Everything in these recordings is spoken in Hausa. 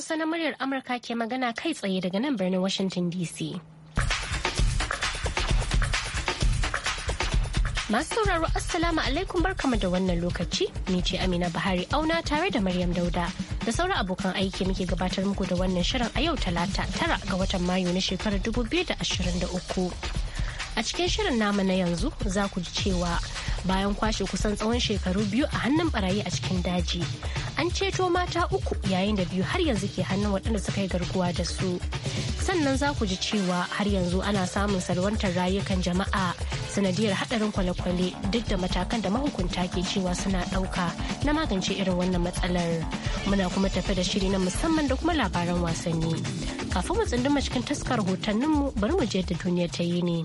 Hausa na muryar Amurka ke magana kai tsaye daga nan birnin Washington DC. Masu sauraro Assalamu alaikum barkamu da wannan lokaci, ni ce Amina Buhari auna tare da Maryam Dauda da sauran abokan aiki muke gabatar muku da wannan shirin a yau talata tara ga watan Mayu na shekarar 2023. A cikin shirin namu na yanzu za ku ji cewa bayan kwashe kusan tsawon shekaru biyu a hannun barayi a cikin daji. An ceto mata uku yayin da biyu har yanzu ke hannun waɗanda suka yi garkuwa da su. Sannan za ku ji cewa har yanzu ana samun salwantar rayukan jama'a sanadiyar haɗarin kwale-kwale duk da matakan da mahukunta ke cewa suna ɗauka na magance irin wannan matsalar. Muna kuma tafi da shiri na musamman da kuma labaran wasanni. Kafin mu tsunduma cikin taskar hotonninmu bari mu je da duniya ta yi ne.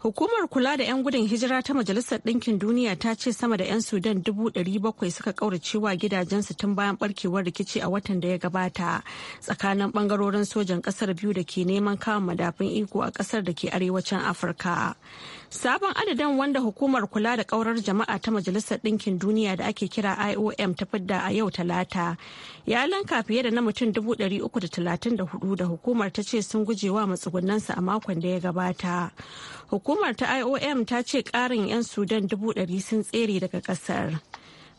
Hukumar kula da 'yan gudun hijira ta Majalisar Ɗinkin Duniya ta ce sama da 'yan Sudan 700 suka kauracewa gidajensu tun bayan barkewar rikici a watan da ya gabata tsakanin bangarorin sojan ƙasar biyu da ke neman kawo madafin iko a ƙasar da ke arewacin Afirka. Sabon adadin wanda hukumar kula da ƙaurar jama'a ta Majalisar Ɗinkin Duniya da ake kira IOM ta fidda a yau Talata ya lanka fiye da na mutum 334 da hukumar ta ce sun gujewa matsugunansu a makon da ya gabata. Hukumar ta IOM ta ce ƙarin 'yan Sudan dubu ɗari sun tsere daga ƙasar.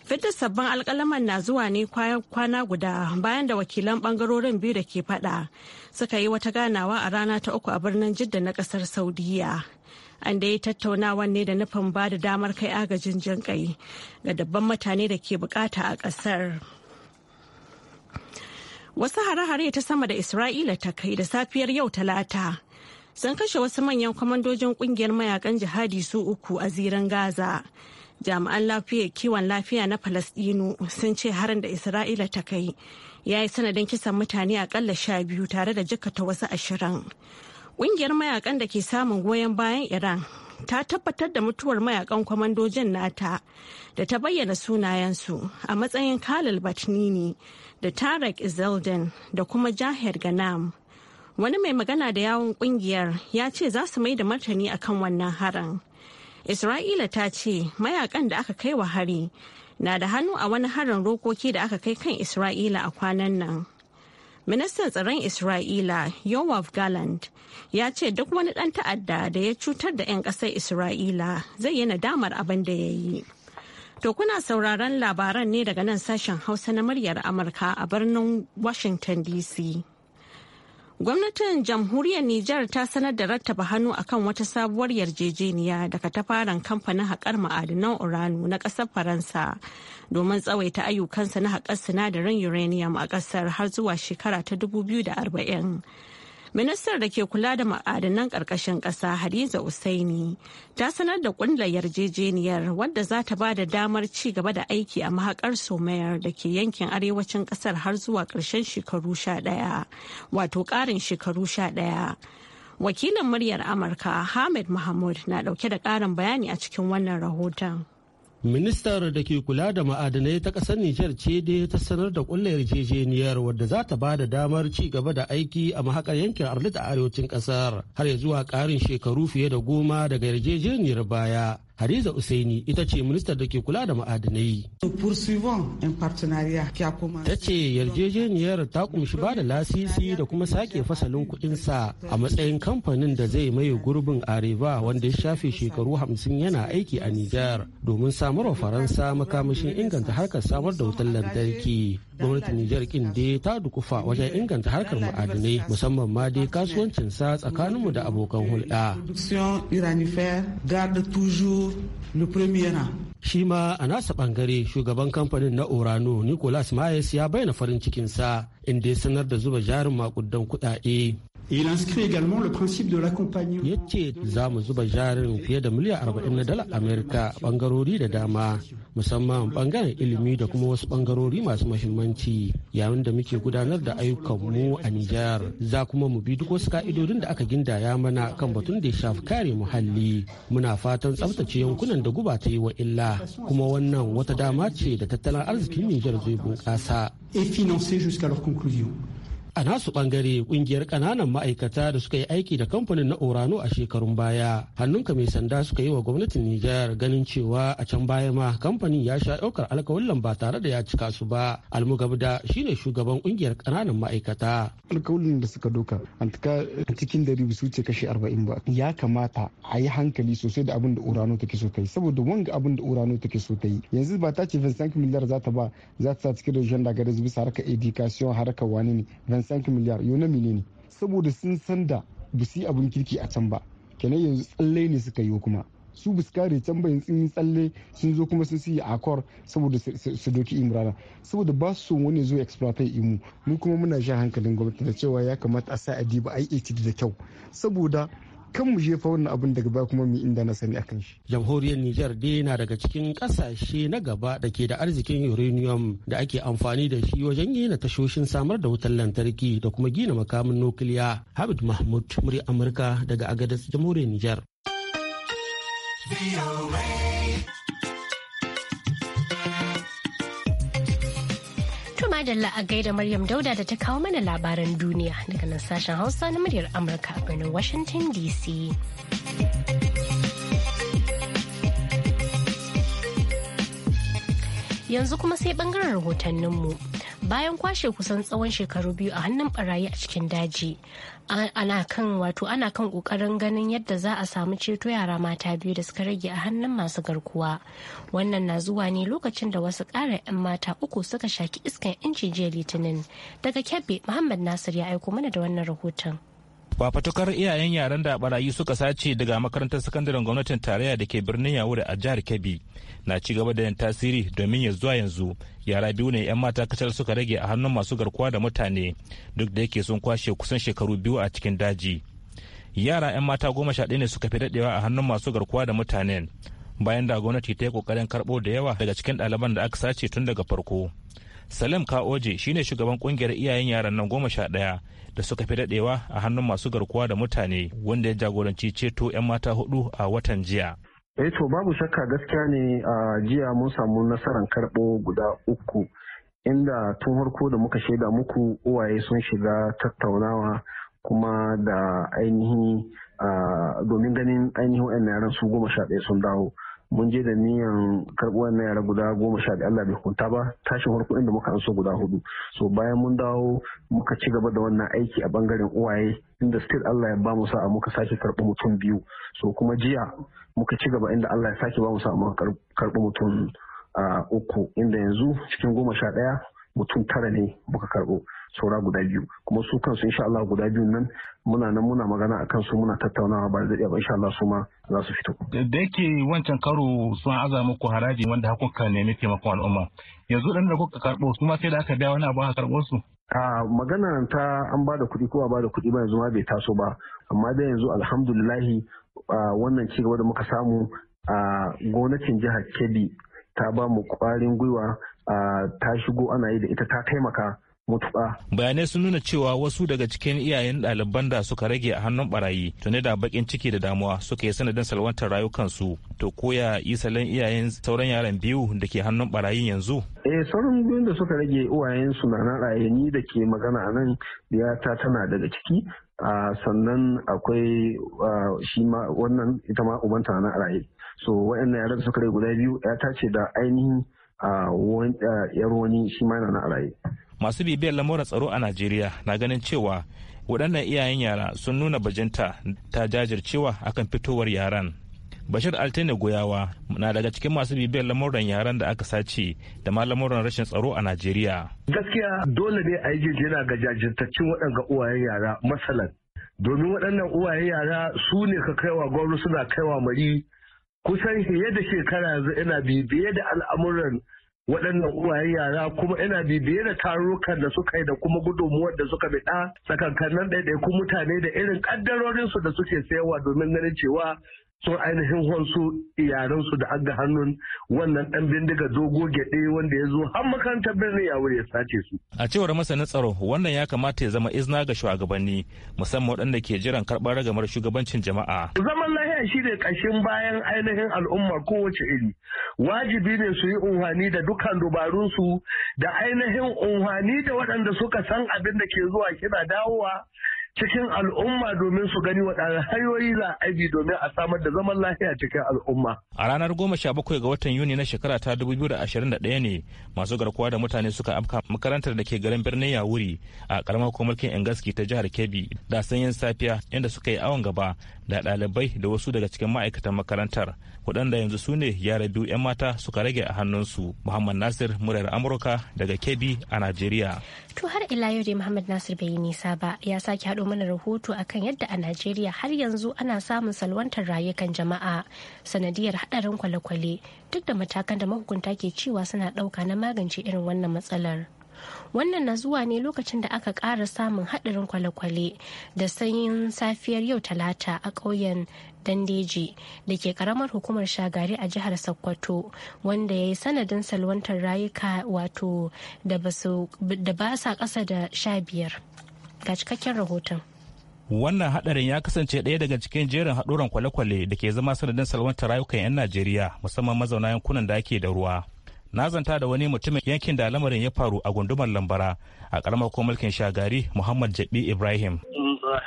Fitar sabbin alkalaman na zuwa ne kwana guda bayan da wakilan bangarorin biyu da ke fada suka yi wata ganawa a rana ta uku a birnin Jidda na kasar Saudiya. An da yi tattaunawa ne da nufin ba da damar kai agajin jin kai ga dabban mutane da ke bukata a kasar. Wasu hare-hare ta sama da Isra'ila ta kai da safiyar yau talata. sun kashe wasu manyan kwamandojin kungiyar mayakan jihadi su uku a ziran Gaza. Jami'an lafiya kiwon lafiya na Falasdino sun ce harin da Isra'ila ta kai ya yi sanadin kisan mutane akalla sha biyu tare da jikata wasu ashirin. Kungiyar mayakan da ke samun goyon bayan Iran ta tabbatar da mutuwar mayakan kwamandojin nata da ta bayyana sunayensu a matsayin Khalil Batnini da Tarek Zeldin da kuma Jahir Ganam. wani mai magana da yawon kungiyar ya ce za su mai da martani akan wannan harin isra'ila ta ce mayakan da aka kai wa hari na da hannu a wani harin rokoki da aka kai kan isra'ila a kwanan nan ministan tsaron isra'ila yowav galand ya ce duk wani ɗan ta'adda da ya cutar da 'yan ƙasar isra'ila zai yi nadamar abin da ya yi to kuna sauraron labaran ne daga nan sashen hausa na muryar amurka a birnin washington dc Gwamnatin jamhuriyar Nijar ta sanar da rattaba hannu akan wata sabuwar yarjejeniya daga tafaran kamfanin haƙar ma'adinan uranu na ƙasar Faransa domin tsawaita ayyukansa na haƙar sinadarin uranium a ƙasar har zuwa shekara ta 2040. ministar da ke kula da ma'adanan ƙarƙashin ƙasa hadiza usaini ta sanar da ƙulla yarjejeniyar wadda za ta ba da damar ci gaba da aiki a mahaƙar somayar da ke yankin arewacin ƙasar har zuwa ƙarshen shekaru sha ɗaya wato ƙarin shekaru sha ɗaya wakilin muryar amurka ahmed mahmud na ɗauke da ƙarin bayani a cikin wannan rahoton Ministar da ke kula da ma'adanai ta ƙasar Nijar ce dai ta sanar da ƙulla yarjejeniyar wadda za ta ba da damar ci gaba da aiki a mahakar yankin Arlita a arewacin ƙasar har ya zuwa ƙarin shekaru fiye da goma daga yarjejeniyar baya. Hadiza Usaini ita ce ministar da ke kula da ma'adanai. Ta ce yarjejeniyar ta kumshi ba da lasisi da kuma sake fasalin kuɗinsa a matsayin kamfanin da zai maye gurbin Areva wanda ya shafe shekaru hamsin yana aiki a Nijar domin samar wa Faransa makamashin inganta harkar samar da wutar lantarki. Gwamnatin Nijar kin dai ta dukufa wajen inganta harkar ma'adanai musamman ma dai kasuwancinsa tsakaninmu da abokan hulɗa. na premiera shi ma a nasa bangare shugaban kamfanin na orano nicolas myers ya bayyana farin cikinsa inda ya sanar da zuba jarin makudan kudade Ya ce za mu zuba jarin fiye da miliyan arba'in na dala Amerika bangarori da dama musamman bangaren ilimi da kuma wasu bangarori masu mahimmanci yayin da muke gudanar da ayyukanmu a Nijar. Za kuma mu bi duk wasu ka'idodin da aka gindaya mana kan batun da ya shafi kare muhalli. Muna fatan tsaftace yankunan da guba ta yi wa illa kuma wannan wata dama ce da tattalin arzikin Nijar zai bunƙasa. Et financer jusqu'à leur conclusion. A nasu bangare kungiyar kananan ma'aikata da suka yi aiki da kamfanin na Orano a shekarun baya. Hannunka mai sanda suka yi wa gwamnatin Nijar ganin cewa a can baya ma kamfanin ya sha ɗaukar alkawallan ba tare da ya cika su ba. Almugabda shine shugaban kungiyar kananan ma'aikata. Alkawallan da suka doka an cikin dari su ce kashe arba'in ba. Ya kamata a yi hankali sosai da abin da Orano take so ta yi saboda wanga abin da Orano take so ta yi. Yanzu ba ta ce Vincent miliyar za ta ba za ta sa cikin region da bisa harkar education harkar wani ne. 55 miliyar yau na menene saboda sun san da ba su yi abin kirki a can ba kenan yanzu tsalle ne suka yi kuma su ba su kare can ba yanzu tsalle sun zo kuma sun su yi akor saboda su doki imrana saboda ba su wani zo exploitai imu mu kuma muna shan hankalin gwamnati da cewa ya kamata a sa a diba IHD da kyau saboda kan mu jefa wannan abin daga ba kuma mu inda na sani akan shi jamhuriyar Nijar dai na daga cikin kasashe na gaba da ke da arzikin uranium da ake amfani da shi wajen gina tashoshin samar da wutar lantarki da kuma gina makamin nukiliya Habib Mahmud murya Amurka daga Agadez jamhuriyar Nijar. adalla a gaida Maryam Dauda da ta kawo mana labaran duniya daga nan sashen Hausa na muryar Amurka a birnin Washington DC. Yanzu kuma sai bangaren rahotanninmu. mu. bayan kwashe kusan tsawon shekaru biyu a hannun barayi a cikin daji ana kan wato ana kan kokarin ganin yadda za a samu ceto yara mata biyu da suka rage a hannun masu garkuwa wannan na zuwa ne lokacin da wasu ƙara 'yan mata uku suka shaki iskan inci jiya litinin daga kebbi muhammad nasir ya aiko mana da wannan rahoton fafatukar iyayen yaren da barayi suka sace daga makarantar sakandaren gwamnatin tarayya da ke birnin yawuri a jihar kebbi na ci gaba da yin tasiri domin ya zuwa yanzu yara biyu ne 'yan mata kacal suka rage a hannun masu garkuwa da mutane duk da yake sun kwashe kusan shekaru biyu a cikin daji yara 'yan mata goma sha ne suka fi daɗewa a hannun masu garkuwa da mutanen bayan da gwamnati ta yi kokarin karɓo da yawa daga cikin ɗaliban da aka sace tun daga farko salim ka'oje shine shugaban kungiyar iyayen yaran nan goma sha ɗaya da suka fi daɗewa a hannun masu garkuwa da mutane wanda ya jagoranci ceto 'yan mata hudu a watan jiya eh to babu shakka gaskiya ne a jiya mun samu nasarar karɓo guda uku inda tun harko da muka shaida muku uwaye sun shiga tattaunawa kuma da ainihin domin ganin ainihin 'yan yaran su goma sha ɗaya sun dawo mun je da niyan karɓo wannan yara guda goma sha da Allah bai hukunta ba tashin farko da muka so guda hudu so bayan mun dawo muka ci gaba da wannan aiki a bangaren uwaye inda state Allah ya ba mu sa'a muka sake karɓi mutum biyu so kuma jiya muka ci gaba inda Allah ya sake ba mu sa'a muka karɓi mutum ah, uku inda yanzu cikin goma sha ɗaya mutum tara ne muka karɓo saura guda biyu kuma su kansu insha Allah guda biyu nan muna nan muna magana a kansu muna tattaunawa ba da ba insha Allah su ma za su fito da yake wancan karo sun aza muku haraji wanda hakuka nemi taimakon al'umma yanzu dan da kuka karbo su ma sai da aka biya wani abu a karbo su a magana ta an ba da kuɗi ko ba da kuɗi ba yanzu ma bai taso ba amma da yanzu alhamdulillah wannan ci gaba da muka samu a gonakin jihar kebbi ta ba mu ƙwarin gwiwa ta shigo ana yi da ita ta taimaka mutuwa. Bayanai sun nuna cewa wasu daga cikin iyayen ɗaliban da suka rage a hannun barayi tuni da bakin ciki da damuwa suka yi sanadin salwantar rayukansu to koya isalin iyayen sauran yaran biyu da ke hannun barayin yanzu. Eh sauran biyun da suka rage uwayensu na na rayani da ke magana nan ta tana daga ciki Uh, sannan akwai uh, shi ma wannan ita ma ubanta na raye so waɗannan yaran suka rai guda biyu ya tace da ainihin ah, yar wani shi ma na raye masu bibiyar lamuran tsaro a najeriya na ganin cewa waɗannan iyayen yara sun nuna bajinta ta jajircewa akan fitowar yaran bashir altine goyawa na daga cikin masu bibiyar lamuran yaran da aka sace da ma lamuran rashin tsaro a najeriya gaskiya dole ne a yi jirgin ga jajirtaccen waɗanga uwayen yara masalan domin waɗannan uwayen yara su ne ka kaiwa gwamnati suna kaiwa mari kusan fiye da shekara yanzu ina bibiye da al'amuran waɗannan uwayen yara kuma ina bibiye da tarurrukan da suka yi da kuma gudunmuwar da suka biɗa ɗaiɗai kuma mutane da irin ƙaddarorinsu da suke sayarwa domin ganin cewa sun ainihin hansu yaransu da aga hannun wannan ɗan bindiga dogo gyaɗe wanda ya zo har makarantar birnin ya ya sace su. A cewar masanin tsaro wannan ya kamata ya zama izina ga shugabanni musamman waɗanda ke jiran karɓar ragamar shugabancin jama'a. Zaman wannan shi ne ƙashin bayan ainihin al'umma kowace iri wajibi ne su yi unhani da dukkan dubarunsu da ainihin unhani da waɗanda suka san abin da ke zuwa kina dawowa cikin al'umma domin su gani waɗanda hanyoyi za a bi domin a samar da zaman lafiya cikin al'umma. A ranar goma sha bakwai ga watan Yuni na shekara ta dubu biyu da ashirin da ɗaya ne masu garkuwa da mutane suka amka makarantar da ke garin birnin Yawuri a ƙaramar mulkin Engaski ta jihar Kebbi da sanyin safiya inda suka yi awon gaba da ɗalibai da wasu daga cikin ma'aikatan makarantar waɗanda yanzu su ne yara biyu 'yan mata suka rage a hannunsu muhammad nasir murar amurka daga kebbi a najeriya to har ila yau dai muhammad nasir bai yi nisa ba ya sake haɗo mana rahoto akan yadda a najeriya har yanzu ana samun salwantar rayukan jama'a sanadiyar haɗarin kwale-kwale duk da matakan da mahukunta ke cewa suna ɗauka na magance irin wannan matsalar. wannan na zuwa ne lokacin da aka ƙara samun haɗarin kwale-kwale da sanyin safiyar yau talata a ƙauyen dandeji da ke karamar hukumar shagari a jihar sokoto wanda ya yi sanadin salwantar rayuka wato da ba sa ƙasa da sha biyar ga cikakken rahoton wannan hadarin ya kasance ɗaya daga cikin jerin haɗuran kwale-kwale da ke zama sanadin salwantar rayukan 'yan najeriya musamman mazauna yankunan da ake da ruwa na zanta da wani mutumin yankin da lamarin ya faru a gundumar lambara a karamar ko mulkin shagari muhammad jabi ibrahim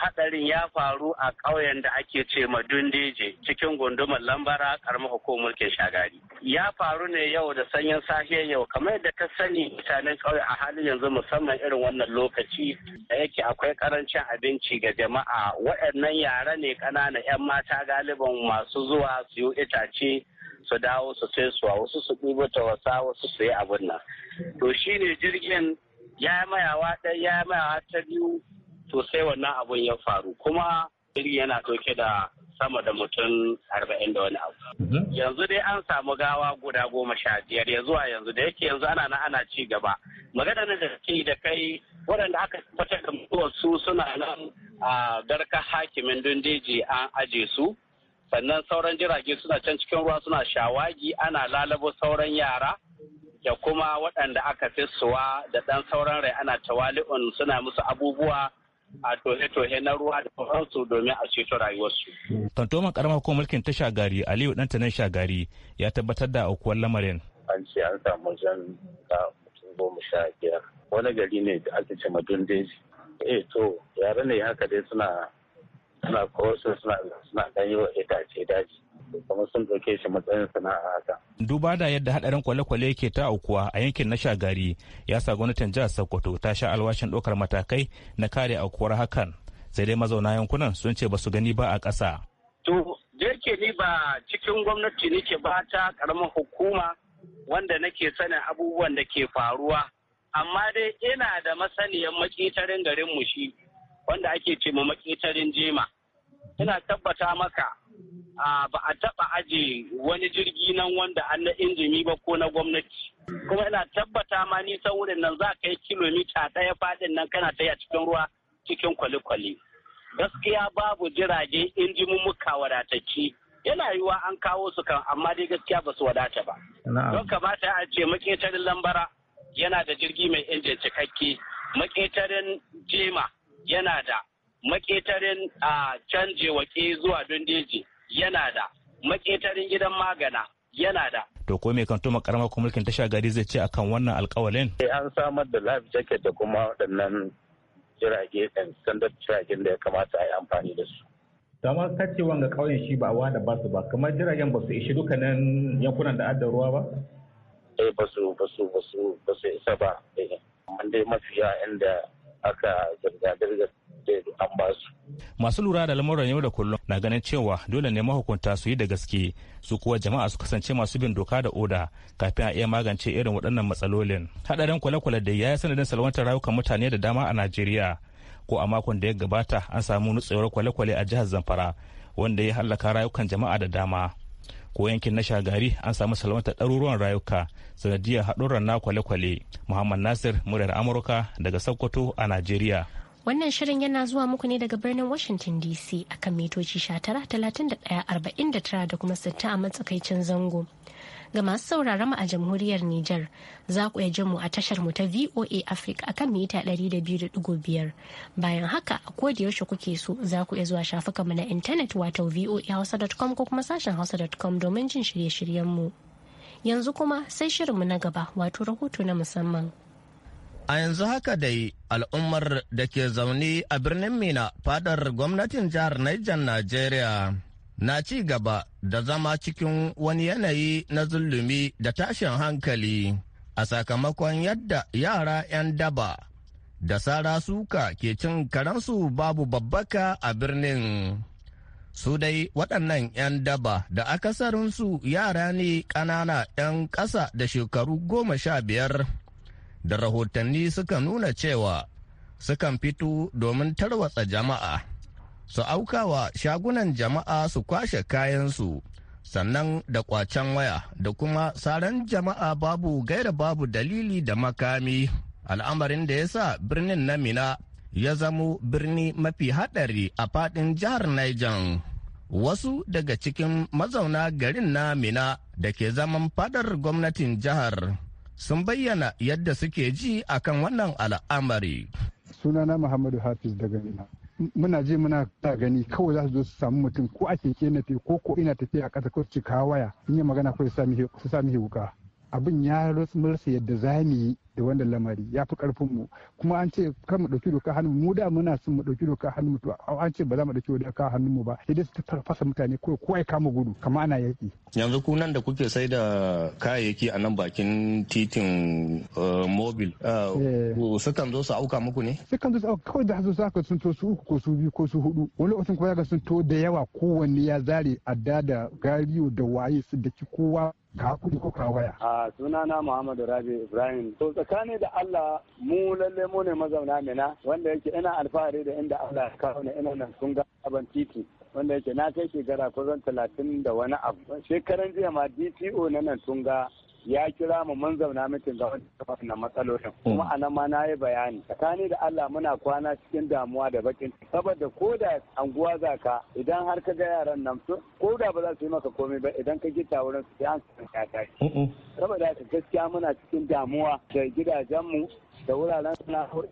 hadarin ya faru a ƙauyen da ake ce ma dundeje cikin gundumar lambara karamar hukumar mulkin shagari ya faru ne yau da sanyin safiya yau kamar yadda ka sani mutanen ƙauye a halin yanzu musamman irin wannan lokaci da yake akwai karancin abinci ga jama'a waɗannan yara ne ƙanana 'yan mata galiban masu zuwa su yi itace su dawo su sai suwa wasu su ɗibo ta wasa wasu su yi abin nan to shine jirgin ya mayawa ɗaya ya mayawa ta biyu to sai wannan abun ya faru kuma jirgin yana ɗauke da sama da mutum arba'in da wani abu. Mhm. Yanzu dai an samu gawa guda goma sha biyar ya zuwa yanzu da yake yanzu ana na ana ci gaba. Magana na da ke da kai waɗanda aka tabbatar da mutuwar su suna nan a garkar hakimin dundiji an aje su sannan sauran jirage suna can cikin ruwa suna shawagi ana lalabo sauran yara da kuma waɗanda aka suwa da ɗan sauran rai ana tawali'un suna musu abubuwa a tohe-tohe na ruwa da sauransu domin a ceto rayuwarsu. Kantoman karamar ko mulkin ta shagari Aliyu ɗanta nan shagari ya tabbatar da aukuwar lamarin. An ce an samu jan da mutum goma sha biyar. Wani gari ne da ake ce Madundeji. Eh to yare ne haka dai suna suna kawarsu suna ɗan yi wa itace daji kamar sun ɗauke shi matsayin sana'a haka. Duba da yadda haɗarin kwale-kwale yake ta aukuwa a yankin na Shagari ya sa gwamnatin jihar Sokoto ta sha alwashin ɗaukar matakai na kare aukuwar hakan sai dai mazauna yankunan sun ce ba su gani ba a ƙasa. To da yake ni ba cikin gwamnati nake ba ta ƙaramin hukuma wanda nake sanin abubuwan da ke faruwa amma dai ina da masaniyar makitarin garin mu shi wanda ake ce ma maketarin jema tana tabbata maka ba a taba aje wani jirgi nan wanda an na injimi ba ko na gwamnati kuma ina tabbata ma nisan wurin nan za ka yi kilomita ɗaya faɗin nan kana ta cikin ruwa cikin kwale gaskiya babu jirage muka wadatacci yana yiwuwa an kawo su kan amma dai gaskiya ba su wadata ba don kamata a ce maketarin lambara yana da jirgi mai injin cikakke maketarin jema yana da maketarin a canje zuwa dundeji yana da maketarin gidan magana yana da to ko mai kan tuma karamar mulkin tasha gari zai ce akan wannan alkawalin eh, an samar da life jacket da kuma waɗannan jirage ɗan standard jiragen da ya kamata a yi amfani da su damar kacewan ga ƙauyen shi ba wa da ba su ba kamar jiragen ba su ishi dukkanin yankunan da adda ruwa ba eh ba su ba su ba su ba su isa ba eh dai mafiya inda aka zirga-zirgar an ba su. Masu lura da lamuran yau da kullum na ganin cewa dole ne mahukunta su yi da gaske su kuwa jama'a su kasance masu bin doka da oda kafin a iya magance irin waɗannan matsalolin. Haɗarin kwale-kwale da ya yi sanadin salwantar rayukan mutane da dama a Najeriya. Ko a makon da ya gabata an samu nutsewar kwale-kwale a jihar Zamfara wanda ya hallaka rayukan jama'a da dama. ko yankin na shagari an samu salamata ɗaruruwan rayuka sanadiyar haɗurran na kwale-kwale muhammad nasir muryar amurka daga sokoto a najeriya Wannan shirin yana zuwa muku ne daga birnin Washington DC akan mitoci 19, 31, 49 da kuma 60 a matsakaicin zango. Ga masu sauraron mu a jamhuriyar Nijar, za ku iya jin mu a tashar mu ta VOA Africa akan mita 200.5. Bayan haka, a koda yaushe kuke so za ku iya zuwa shafukanmu na intanet wato voahausa.com ko kuma sashen hausa.com domin jin shirye-shiryen mu. Yanzu kuma sai shirinmu na gaba wato rahoto na musamman. A yanzu haka dai al'ummar da ke zaune a birnin Mina fadar gwamnatin jihar Niger Najeriya na ci gaba da zama cikin wani yanayi na zulumi da tashin hankali a sakamakon yadda yara 'yan daba da sara suka ke cin karansu babu babbaka a birnin su dai waɗannan 'yan daba da akasarinsu yara ne ƙanana 'yan ƙasa da shekaru goma sha biyar da rahotanni suka nuna cewa sukan fito domin tarwatsa jama'a. su aukawa shagunan jama'a su kwashe kayansu sannan da kwacen waya da kuma saran jama'a babu gaira babu dalili da makami al'amarin da ya sa birnin na mina ya zamo birni mafi haɗari a faɗin jihar Niger. Wasu daga cikin mazauna garin na Mina da ke zaman fadar gwamnatin jihar sun bayyana yadda suke ji akan wannan al'amari. Sunana Muhammadu Hafiz daga Mina. muna je muna ta gani kawai za su zo su samu mutum ko a keke na te ko ko ina tafiya a ƙasa ko cika waya in yi magana ko su sami wuka abin ya rasa yadda za mu yi da wannan lamari ya fi karfin mu kuma an ce kan mu dauki doka hannu mu da muna son mu dauki doka hannu mu to an ce ba za mu dauki doka hannu mu ba idan su fasa mutane ko ko ai kama gudu kama ana yaki yanzu ku nan da kuke sai da kayayyaki a nan bakin titin eh, mobil eh, eh. sukan zo su auka muku ne sukan zo su auka kawai da su saka sun to su uku ko su biyu ko su hudu wani lokacin kuma zaka sun to da yawa kowanne ya zare adda da gariyo da waye su daki kowa ka hakuri ko ka waya a sunana Muhammadu Rabi Ibrahim to tsakani da Allah mu lalle mu ne mazauna mina wanda yake ina alfahari da inda Allah ya kawo ni ina nan sun ga aban titi wanda yake na kai shekara kusan talatin da wani abu shekaran jiya ma DCO na nan sun ya kira mu mun zauna mitin ga wannan matsalolin kuma a ma na yi bayani tsakani da Allah muna kwana cikin damuwa da bakin saboda ko da anguwa za ka idan har ka ga yaran nan su ko da ba za su yi maka komai ba idan ka gita wurin su sai an ka tashi saboda haka gaskiya muna cikin damuwa da gidajen mu da wuraren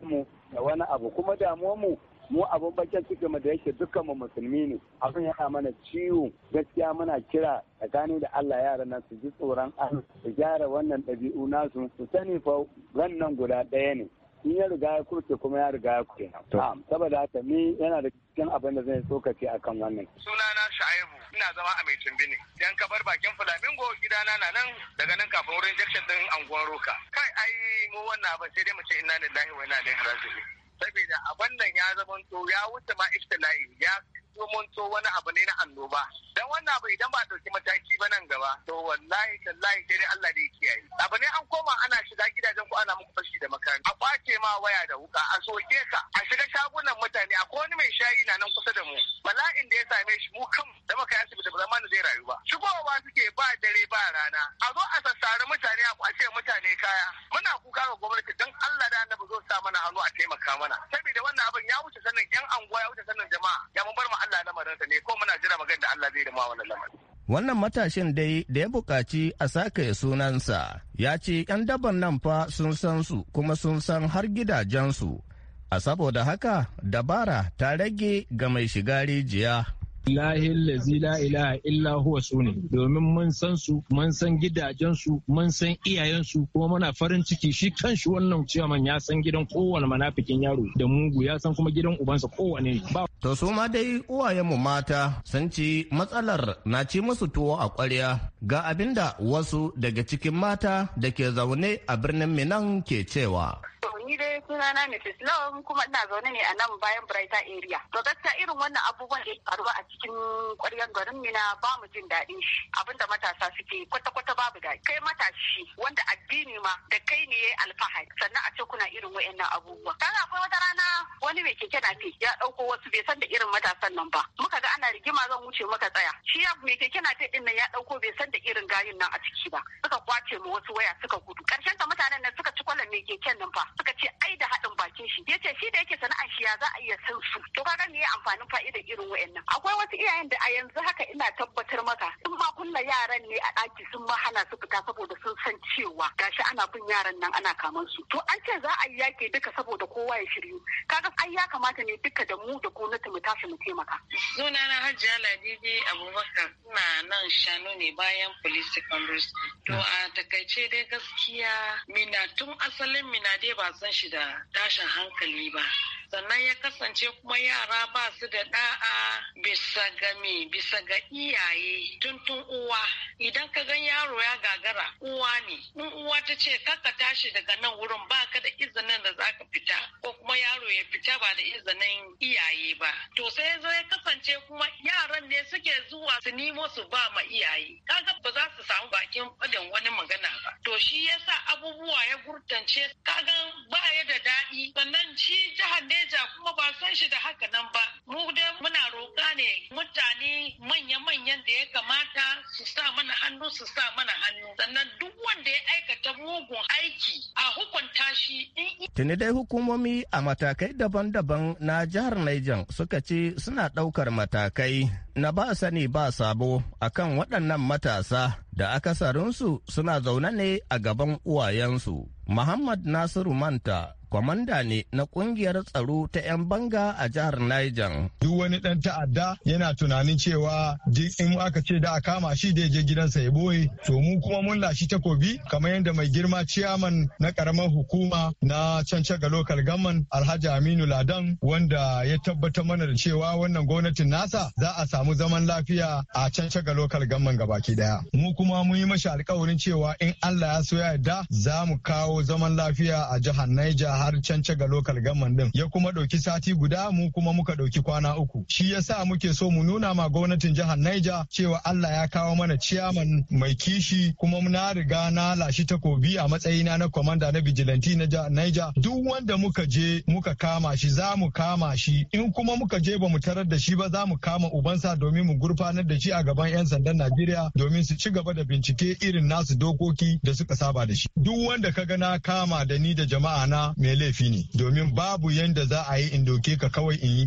mu da wani abu kuma mu. mu abin bakin ciki mu da yake dukkan mu musulmi ne abin yana mana ciwo gaskiya muna kira tsakanin da Allah yaran nan su ji tsoron an su gyara wannan ɗabi'u nasu su sani fa wannan guda ɗaya ne in ya riga ya kurce kuma ya riga ya kurce saboda haka ni yana da cikin abin da zai tsokace akan wannan sunana Shu'aibu ina zama a mai ne yan bar bakin flamingo gidana na nan daga nan kafin wurin jakshin din anguwan roka kai ai mu wannan abin sai dai mu ce inna lillahi wa inna ilaihi raji'un zamanto ya wuce ma iftila'i ya to wani abu ne na annoba dan wannan abu idan ba a ɗauki mataki ba nan gaba to wallahi tallahi sai dai Allah ne kiyaye abu ne an koma ana shiga gidajen ku ana muku fashi da makami a kwace ma waya da wuka a soke ka a shiga shagunan mutane akwai wani mai shayi na nan kusa da mu bala'in da ya same shi mu kan da muka yi asibiti ba zamanin zai rayu ba shigowa suke ba dare ba rana a zo a sassare mutane a kwace mutane kaya muna kuka ga gwamnati dan Allah da annabi zo sa mana hannu a taimaka mana saboda wannan abin ya wuce sanin yan anguwa ya wuce sanin jama'a ya mun bar mu Allah lamarinsa ne ko muna jira magana da Allah zai da ma wannan lamarin. Wannan matashin dai da ya buƙaci a sake sunansa ya ce ‘yan daban nan fa sun san su kuma sun san har gidajensu, a saboda haka dabara ta rage ga mai shiga rijiya. lahil lazi la ilaha illa huwa su ne domin mun san su mun san gidajensu mun san iyayensu kuma muna farin ciki shi kanshi wannan ciyaman ya san gidan kowane manafikin yaro da mugu ya san kuma gidan ubansa kowane ba to su ma dai uwayenmu mata sun ci matsalar na ci musu tuwo a kwarya ga abinda wasu daga cikin mata da ke zaune a birnin Minan ke cewa To ni dai na Mrs. Long kuma ina zaune ne a nan bayan Brighter area. To gaskiya irin wannan abubuwan da a cikin ƙwaryar garin Mina ba mu jin daɗin shi. Abinda matasa suke kwata-kwata babu daɗi. Kai matashi wanda addini ma da kai ne ya alfahari sannan a ce kuna irin wa'annan abubuwa. Kaga akwai wata rana wani mai keke nafe ya ɗauko wasu bai san da irin matasan nan ba. Muka ga ana rigima zan wuce muka tsaya. Shi ya mai keke nafe ɗin nan ya ɗauko bai san da irin gayin nan a ciki ba. Suka kwace mu wasu waya suka gudu. Ƙarshen ta mutanen nan suka ci kwalan mai keken nan fa. suka ce ai da haɗin bakin shi Ya ce shi da yake sana'a shi ya za a iya san su to kaga me amfanin fa'ida irin wayannan akwai wasu iyayen da a yanzu haka ina tabbatar maka In ma kunna yaran ne a ɗaki sun ma hana su fita saboda sun san cewa gashi ana bin yaran nan ana kaman su to an ce za a yi yaki duka saboda kowa ya shiryu kaga ai ya kamata ne duka da mu da gwamnati mu tashi mu taimaka sunana Hajiya Ladidi Abubakar ina nan shanu ne bayan police secondary to a takaice dai gaskiya mina tun asalin mina dai ba san shi da tashin hankali ba sannan ya kasance kuma yara ba su da da'a bisa ga me bisa ga iyaye tuntun uwa idan ka gan yaro ya gagara uwa ne in uwa ta ce kaka tashi daga nan wurin ba ka da izinin da za ka fita ko kuma yaro ya fita ba da izinin iyaye ba to sai ya zo ya kasance kuma yaran ne suke zuwa su nemo su ba ma iyaye kaga ba za su samu bakin fadin wani magana ba to shi yasa abubuwa ya gurtance kaga ba ya da daɗi sannan shi jihar ne manaja kuma ba san shi da haka nan ba mu dai muna roƙa ne mutane manya-manyan da ya kamata su sa mana hannu su sa mana hannu sannan duk wanda ya aikata mugun aiki a hukunta shi tuni dai hukumomi a matakai daban-daban na jihar Niger suka ce suna ɗaukar matakai na ba sani ba sabo akan waɗannan matasa da akasarinsu suna zaune ne a gaban uwayensu. Muhammad Nasiru Manta kwamanda ne na kungiyar tsaro ta 'yan banga a jihar Niger. Duk wani dan ta'adda yana tunanin cewa duk in aka ce da a kama shi da je gidansa ya boye. To mu kuma mun lashi takobi kamar yadda mai girma ciyaman na karamar hukuma na cancaga lokal gaman Alhaji Aminu Ladan wanda ya tabbatar mana da cewa wannan gwamnatin nasa za a samu zaman lafiya a cancaga lokal gaman gabaki daya. Mu kuma mun yi mashi alƙawarin cewa in Allah ya so ya yarda za mu kawo zaman lafiya a jihar Niger har can ga local government din ya kuma ɗauki sati guda mu kuma muka ɗauki kwana uku shi yasa muke so mu nuna ma gwamnatin jihar Niger cewa Allah ya kawo mana ciyaman mai kishi kuma na riga na lashi takobi a matsayina na commander na vigilante na jihar Niger duk wanda muka je muka kama shi za mu kama shi in kuma muka je ba mu tarar da shi ba za mu kama ubansa domin mu gurfanar da shi a gaban 'yan sandan Najeriya domin su ci gaba da bincike irin nasu dokoki da suka saba da shi duk wanda ka ga na kama da ni da jama'a na me ne laifi ne domin babu yanda za a yi in doke ka kawai in yi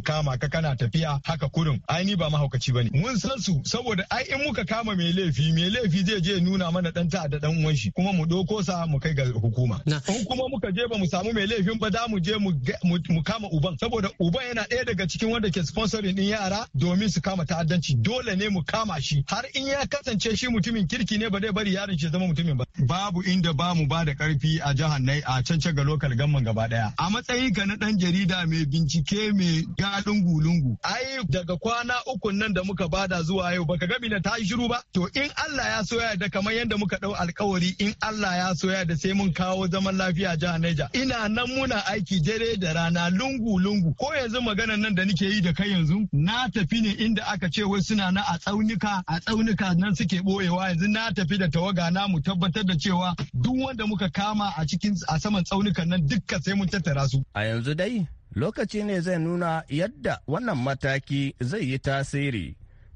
kama ka kana tafiya haka kurin ai ni ba mahaukaci bane mun san su saboda ai in muka kama mai laifi mai laifi zai je nuna mana dan ta da dan uwan shi kuma mu doko sa mu kai ga hukuma in kuma muka je ba mu samu mai laifin ba za mu je mu kama uban saboda uban yana ɗaya daga cikin wanda ke sponsorin din yara domin su kama ta'addanci dole ne mu kama shi har in ya kasance shi mutumin kirki ne ba zai bari yaron shi zama mutumin ba babu inda ba mu ba da karfi a jihar nai a can ga local gamman gaba daya a matsayin ka na dan jarida mai bincike mai gadin gulungu ai daga kwana uku nan da muka bada zuwa yau baka ga mina ta shiru ba to in Allah ya so ya da kamar yadda muka ɗau alkawari in Allah ya so ya da sai mun kawo zaman lafiya jihar neja. ina nan muna aiki dare da rana lungu lungu ko yanzu maganan nan da nake yi da kai yanzu na tafi ne inda aka ce wai suna na a tsaunuka a tsaunuka nan suke boyewa yanzu na tafi da tawaga na mu tabbatar da cewa duk wanda muka kama a cikin a saman tsaunukan nan duka sai mun tattara su. A yanzu dai lokaci ne zai nuna yadda wannan mataki zai yi tasiri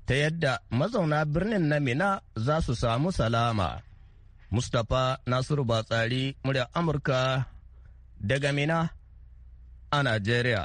ta yadda mazauna birnin na Mina za su samu salama. Mustapha Nasiru Batsari murya Amurka daga Mina a Najeriya.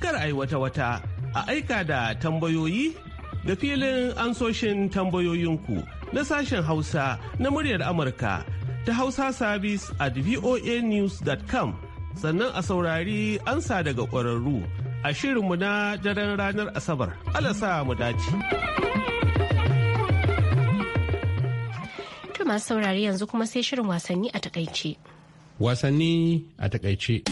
kar a yi wata-wata a aika da tambayoyi da filin ansoshin tambayoyinku na sashen hausa na muryar amurka ta hausa service at voanews.com sannan a saurari ansa daga kwararru a shirinmu na daren ranar asabar alasa mu dace. masu saurari yanzu kuma sai shirin wasanni a takaice. Wasanni a takaice.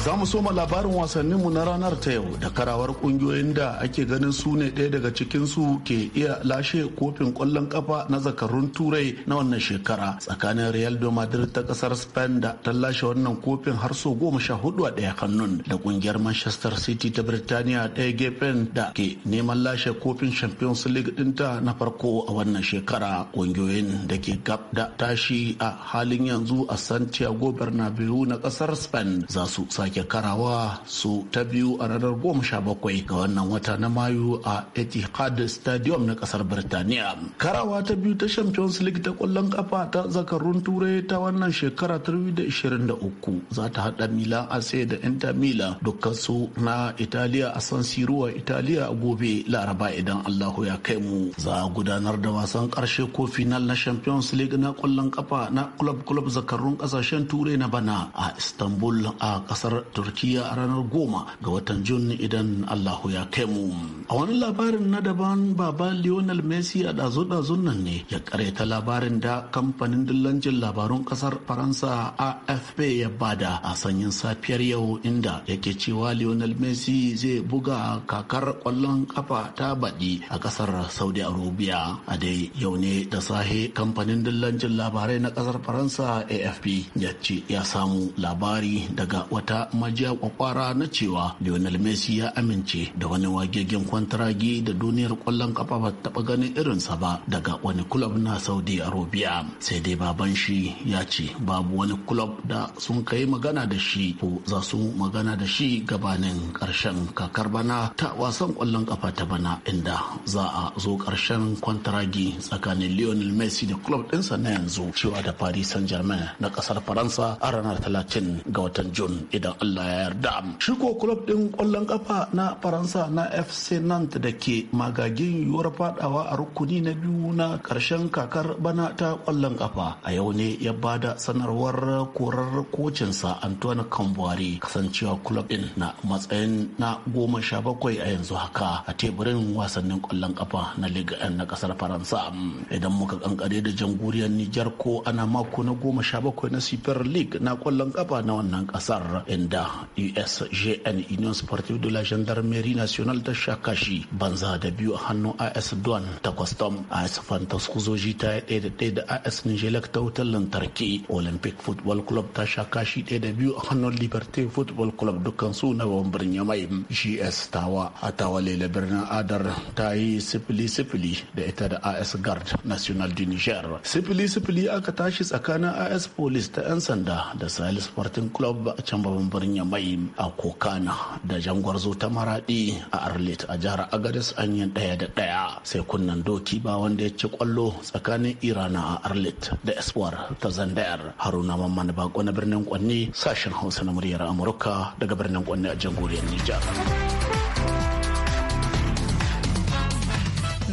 Za mu soma labarin wasanninmu na ranar ta yau da karawar kungiyoyin da ake ganin su ne ɗaya daga cikinsu ke iya lashe kofin ƙwallon kafa na zakarun turai na wannan shekara tsakanin Real de Madrid ta ƙasar Spain da ta lashe wannan kofin har so goma sha hudu a ɗaya hannun da ƙungiyar Manchester City ta Birtaniya ɗaya gefen da ke neman lashe kofin Champions League ɗinta na farko a wannan shekara ƙungiyoyin da ke gab da tashi a halin yanzu a Santiago Bernabeu na ƙasar Spain za su sake sake karawa su ta biyu a ranar goma sha bakwai ga wannan wata na mayu a Etihad Stadium na kasar Birtaniya. Karawa ta biyu ta Champions League ta kwallon kafa ta zakarun turai ta wannan shekara 2023 za ta hada Milan AC da Inter Milan su na Italiya a San Siro a Italiya a gobe Laraba idan Allahu ya kai mu. Za a gudanar da wasan karshe ko final na Champions League na kwallon kafa na club club zakarun kasashen turai na bana a Istanbul a kasar Turkiyya turkiya a ranar goma ga watan jun idan allahu ya kai mu a wani labarin na daban baba lionel messi a dazu-dazun nan ne ya karyata labarin da kamfanin dillancin labarun kasar faransa afp ya bada a sanyin safiyar yau inda yake cewa lionel messi zai buga kakar kwallon kafa ta baɗi a kasar saudi arabia a dai yau ne da sahe kamfanin dillancin labarai na kasar faransa afp ya ce ya samu labari daga wata majiya kwakwara na cewa Lionel Messi ya amince da wani wagegen kwantaragi da duniyar kwallon kafa ba taɓa ganin irinsa ba daga wani kulob na Saudi Arabia. Sai dai baban shi ya ce babu wani kulob da sun kai magana da shi ko za su magana da shi gabanin karshen kakar bana ta wasan kwallon kafa ta bana inda za a zo ƙarshen kwantaragi tsakanin Lionel Messi da kulob ɗinsa na yanzu cewa da Paris Saint-Germain na ƙasar Faransa a ranar 30 ga watan Jun idan Allah ya yarda shi ko club din kwallon kafa na Faransa na FC Nantes da ke magagin yiwuwar fadawa a rukuni na biyu na karshen kakar bana ta kwallon kafa a yau ne ya bada sanarwar korar kocinsa Antoine Kambwari kasancewa club din na matsayin na goma sha bakwai a yanzu haka a teburin wasannin kwallon kafa na Ligue 1 na kasar Faransa idan muka kankare da jamhuriyar Niger ko ana mako na goma sha bakwai na Super League na kwallon kafa na wannan kasar in da usgn union sportive de la gendarmerie nationale ta shakashi banza da biyu a hannun as duan ta kwastam as fantas kuzoji ta yi e ɗaya da ɗaya da as nijelak ta wutar lantarki olympic football club ta shakashi ɗaya e da biyu a hannun liberté football club dukkan su na babban birnin mai gs tawa a tawa da birnin adar ta yi sifili sifili da ita da as guard national du niger sifili sifili aka tashi tsakanin as police ta 'yan sanda da sahel sporting club a can babban birnin mai a kokana da jangwarzo ta maradi a arlet a jihar agadis an yi daya da daya sai kunnan doki ba wanda ya ci kwallo tsakanin irana a arlet da espoir ta zandayar haruna mamman bako na birnin kwanne sashen hausa na muryar amurka daga birnin kwanne a jamhuriyar nijar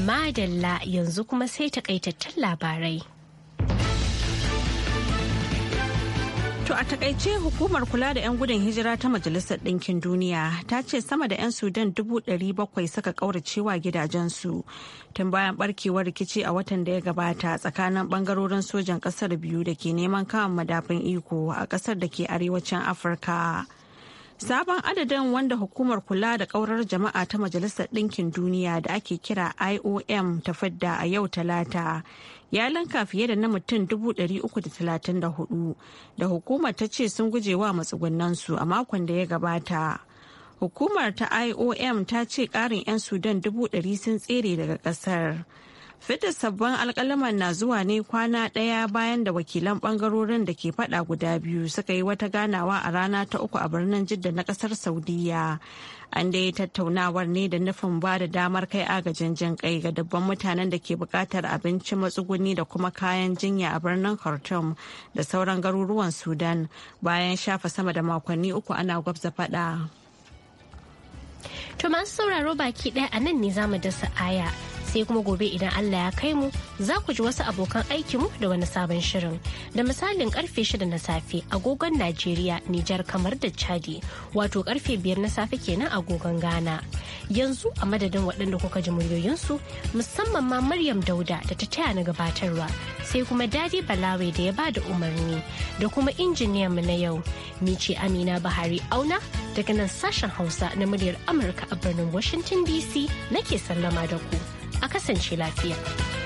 madalla yanzu kuma sai takaitattun labarai To a takaice hukumar kula da 'yan gudun hijira ta Majalisar Ɗinkin Duniya ta ce sama da 'yan Sudan 700 suka kauracewa gidajensu tun bayan barkewar rikici a watan da ya gabata tsakanin bangarorin sojan ƙasar biyu da ke neman kama madafin iko a ƙasar da ke arewacin Afirka. Sabon adadin wanda hukumar kula da kaurar jama'a ta Majalisar Ɗinkin Duniya da ake kira IOM ta fadda a yau talata ya lanka fiye da na mutum 334 da hukumar ta ce sun guje wa matsugunansu a makon da ya gabata. Hukumar ta IOM ta ce ƙarin 'yan Sudan 100 sun tsere daga ƙasar. Fitar sabbin alkalaman na zuwa ne kwana ɗaya bayan da wakilan ɓangarorin da ke faɗa guda biyu suka yi wata ganawa a rana ta uku a birnin Jidda na kasar Saudiya. An dai tattaunawar ne da nufin ba da damar kai agajin jin kai ga dabban mutanen da ke bukatar abinci matsuguni da kuma kayan jinya a birnin Khartoum da sauran garuruwan Sudan bayan shafa sama da makonni uku ana gwabza faɗa. To masu sauraro baki ɗaya a nan ne za mu dasa aya sai kuma gobe idan Allah ya kai mu za ku ji wasu abokan mu da wani sabon shirin. Da misalin karfe shida na safe agogon Najeriya, Nijar kamar da Chadi, wato karfe biyar na safe kenan agogon Ghana. Yanzu a madadin waɗanda kuka ji muryoyinsu musamman ma Maryam Dauda da ta taya na gabatarwa sai kuma Dadi Balawe da ya ba da umarni da kuma injiniyan mu na yau. Ni ce Amina Bahari Auna daga nan sashen Hausa na muryar Amurka a birnin Washington DC nake sallama da ku. a kasance lafiya.